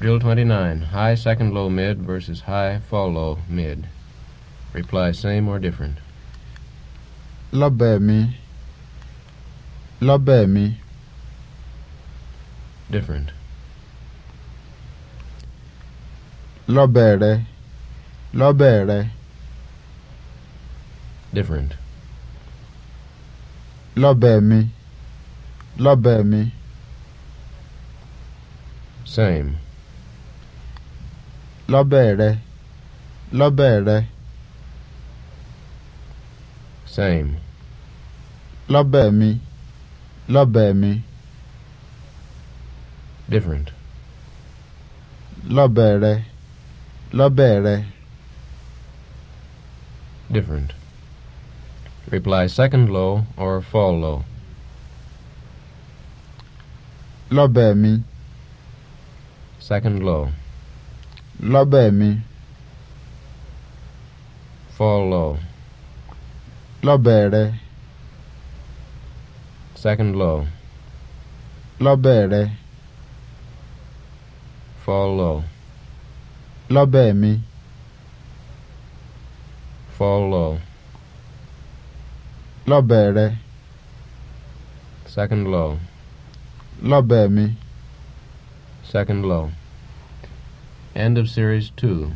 Drill 29. High second low mid versus high fall low mid. Reply same or different. Lọ́bẹ̀ mi. Lọ́bẹ̀ mi. Different. Lọ́bẹ̀ rẹ. Lọ́bẹ̀ rẹ. Different. Lọ́bẹ̀ mi. Lọ́bẹ̀ mi. Same lọ́bẹ̀ rẹ lọ́bẹ̀ rẹ. same. lọ́bẹ̀ mi lọ́bẹ̀ mi. different. lọ́bẹ̀ rẹ lọ́bẹ̀ rẹ. different. Reply second low or fall low. Lọ́bẹ̀ mi. Second low lọ́bẹ̀ mi. follow. lọ́bẹ̀ rẹ. second low. lọ́bẹ̀ rẹ. follow. lọ́bẹ̀ mi. follow. lọ́bẹ̀ rẹ. second low. lọ́bẹ̀ mi. second low. End of Series 2